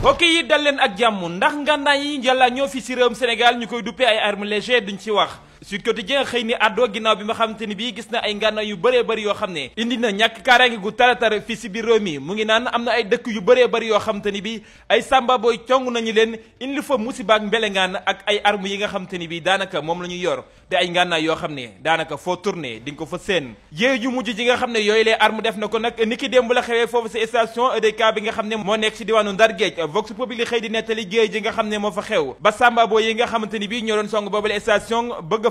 mbokk yi dal leen ak jàmm ndax ngànnaay yi njàlla ñoo fi si réewum Sénégal ñu koy duppee ay armes légères duñ ci wax Sud Quotidien xëy ni àddoo ginnaaw bi nga xamante ni bii gis na ay ngànnaay yu bëree bëri yoo xam ne indi na ñàkk kaaraange gu taratar fii si biir réew mi mu ngi naan am na ay dëkk yu bëree bëri yoo xamante ni bii ay sàmba booy cong nañu leen indi fa musibaak mbelengaan ak ay arme yi nga xamante ni bii daanaka moom la ñuy yor te ay ngànnaay yoo xam ne daanaka foo tourné di nga ko fa seen yéey ju mujj ji nga xam ne yooyu lee arme def na ko nag ni ki démb la xewee foofu si station EDK bi nga xam ne moo nekk si diwaanu Ndar Géej Vox Populi xëy nga xam ne moo fa xew ba sàmba booy yi nga xamante ni bii ñoo doon song boobale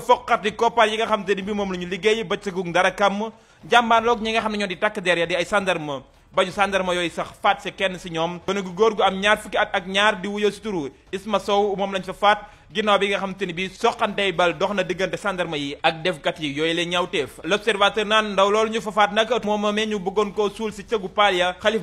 a foqati koppaar yi nga xam te ni bi moom la ñu liggéey bëccëgu dara kàmm jàmbaarloog ñi nga xam ne ñoo di takk der ya di ay sandarma ba ñu sandarma yooyu sax faat sa kenn si ñoom gone gu góor gu am ñaar fukki at ak ñaar di wuyoo si turu Isma Sow moom lañ fa faat ginnaaw bi nga xam te ni bi soqantey bal dox na diggante sandarma yi ak defkat yi yooyu leen ñawteef l'observateur naan ndaw loolu ñu fa faat nag moom moomee ñu bëggoon koo suul si cëgu paal ya xalif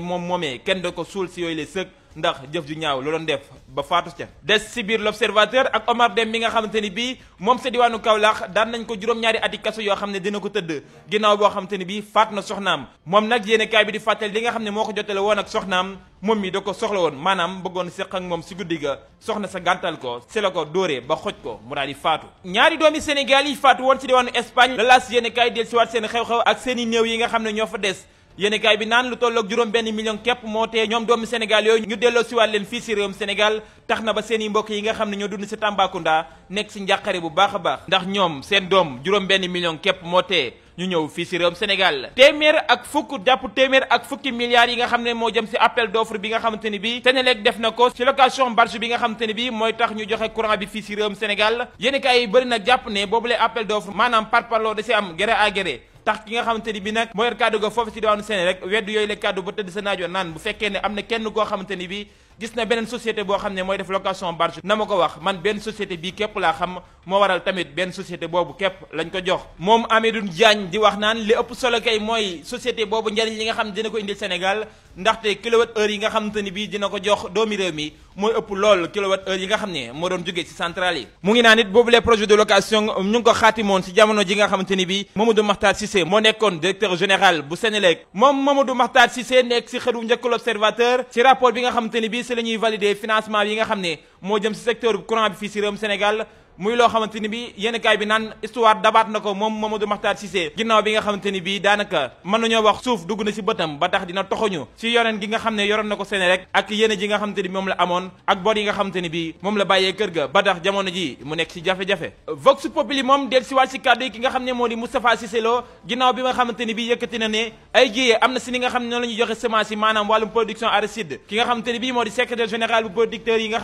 moom kenn ko suul si yooyu le sëg ndax jëf ju ñaaw looloon def ba faatu ca des si biir l'observateur ak Omar Dem mi nga xamante ni bii moom sa diwaanu Kaolack daan nañ ko juróom-ñaari ati kaso yoo xam ne dina ko tëdd ginnaaw boo xamante ni bii faat na soxnaam moom nag yéene kaay bi di fàttali li nga xam ne moo ko jotale woon ak soxnaam moom mi da ko soxla woon maanaam bëggoon séq ak moom si guddi ga soxna sa gàntal ko si la ko dóoree ba xoj ko mu daal di faatu ñaari doomi Sénégal yi faatu woon si diwaanu Espagne la laas yéene kaay del si waat seen xew-xew ak seen yi nga xam ne ñoo fa des yéenekaay bi naan lu tolloog juróom benn million képp moo tee ñoom doomu Sénégal yooyu ñu delloo siwaat leen fii si réewum Sénégal tax na ba seen mbokk yi nga xam ne ñoo dund si Tambacounda nekk si njàqare bu baax a baax ndax ñoom seen doom juróom benn million képp moo tee ñu ñëw fii si réewum Sénégal téeméer ak fukk jàpp téeméer ak fukki milliards yi nga xam ne moo jëm si appel d'offre bi nga xamante ni bi Senelec def na ko si location barge bi nga xamante ni bi mooy tax ñu joxe courant bi fii si réewum Sénégal yi bëri na jàpp ne boobule appel d'offre maanaam parparloo da si am gré à gré tax ki nga xamante ni bi nag moo yor kàddu ga foofu ci diwaanu Sénégal rek weddu yooyu la kàddu ba tëdd sa naaj wa naan bu fekkee ne am na kenn koo xamante ni bi gis na beneen société boo xam ne mooy def location barge na ma ko wax man benn société bii képp laa xam moo waral tamit benn société boobu képp lañ ko jox moom Amadou Diagne di wax naan li ëpp solo kay mooy société boobu njariñ li nga xam ne dina ko indil Sénégal ndaxte kilowatt heure yi nga xamante ni bii dina ko jox doomi réew mi mooy ëpp lool kilowatt heure yi nga xam ne moo doon jógee ci centrale yi mu ngi naan it boobu les projets de location ñu ngi ko xaatimoon ci jamono ji nga xamante ni bii Mamadou Makhtar moo nekkoon directeur général bu Sénélec moom Mamadou Makhtar Cissé nekk ci xëru njëkk l'observateur ci rapport bi nga xamante ni bii si la ñuy valider financement yi nga xam ne moo jëm si secteur courant bi fii si réewum Sénégal muy loo xamante ni bi yenn kaay bi naan histoire dabaat na ko moom Mamadou Makhtar Cissé ginnaaw bi nga xamante ni bi daanaka mën nañoo wax suuf dugg na ci bëtam ba tax dina toxuñu ci yoreen gi nga xam ne yoroon na ko Senelec ak yéene ji nga xamante ni bi moom la amoon ak bor yi nga xamante bi moom la bàyyee kër ga ba tax jamono ji mu nekk ci jafe-jafe Vox Populi moom del si waat ci kàddu yi ki nga xam ne moo di Moustapha Cissé Lo ginnaaw bi nga xamante ni bi yëkkati na ne ay jiyee am na si ni nga xam ne noonu la ñuy joxe semence yi maanaam nga xamante ni moo di secrétaire général bu producteurs yi nga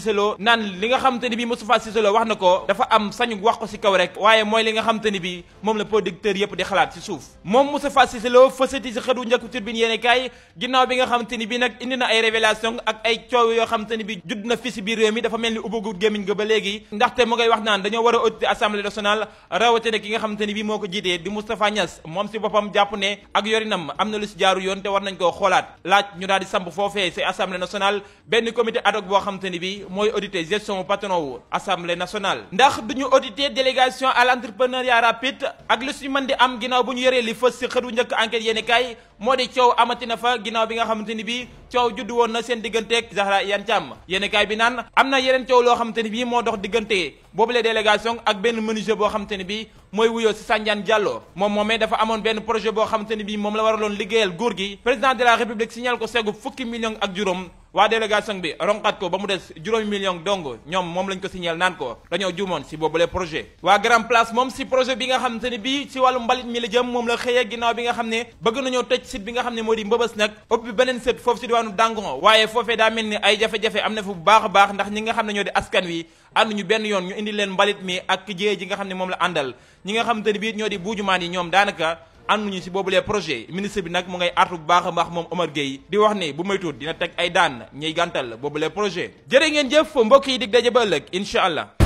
Cissé Lo naan li nga xamante ni bi Moustapha Cissé Lo wax na ko dafa am sañu wax ko ci kaw rek waaye mooy li nga xamante ni bi moom la producteur yëpp di xalaat ci suuf moom Moustapha Cissé Lo fësati ci xëtu njëkk turbine yéene ginnaaw bi nga xamante ni bi nag indi na ay révélation ak ay coow yoo xamante ni bi judd na fi ci réew mi dafa mel ni ubbagut gémmiñ ga ba léegi ndaxte mu ngay wax naan dañoo war a auditer assemblée nationale rawatina ki nga xamante ni bi moo mooy auditer gestion patron wu assemblée nationale ndax duñu auditer délégation à l'entrepreneuriat rapide ak lu si mën di am ginnaaw bu ñu yoree li fës si xëtu njëkk enquête yéeni kaay moo di coow amati na fa ginnaaw bi nga xamante ni bii coow juddu woon na seen digganteeg Zahra Iyane Thiam bi naan am na yeneen coow loo xamante ni bii moo dox diggante boobule délégation ak benn menuisier boo xamante ni bii mooy wuyoo si Sandiane Diallo moom moomee dafa amoon benn projet boo xamante ni bii moom la waraloon liggéeyal góor gi président de la république signal ko seegu fukki million ak juróom waa délégation bi ronqat ko ba mu ñoom moom lañ naan ko dañoo juumoon si boobule projet waa grand place moom bi nga xamante ni bii si wàllu mbalit mi la jëm moom la bi nga xam ne bëgg nañoo tëj site bi nga xam ne moo di mbëbës nag ubbi beneen sët foofu si diwaanu Dangon waaye foofee daa mel ni ay jafe-jafe am na fu bu baax a baax ndax ñi nga xam ne ñoo di askan wi ànd ñu benn yoon ñu indi leen mbalit mi ak jéye ji nga xam ne moom la àndal ñi nga xam te ne bii ñoo di buujumaan yi ñoom daanaka ànduñu si boobulee projet ministre bi nag mu ngay artu bu baax a baax moom Omar Gueye di wax ni bu may moytuut dina teg ay daan ñuy gàntal boobulee projet jërë ngeen jëf mbokk yi dig daje ba ëllëg allah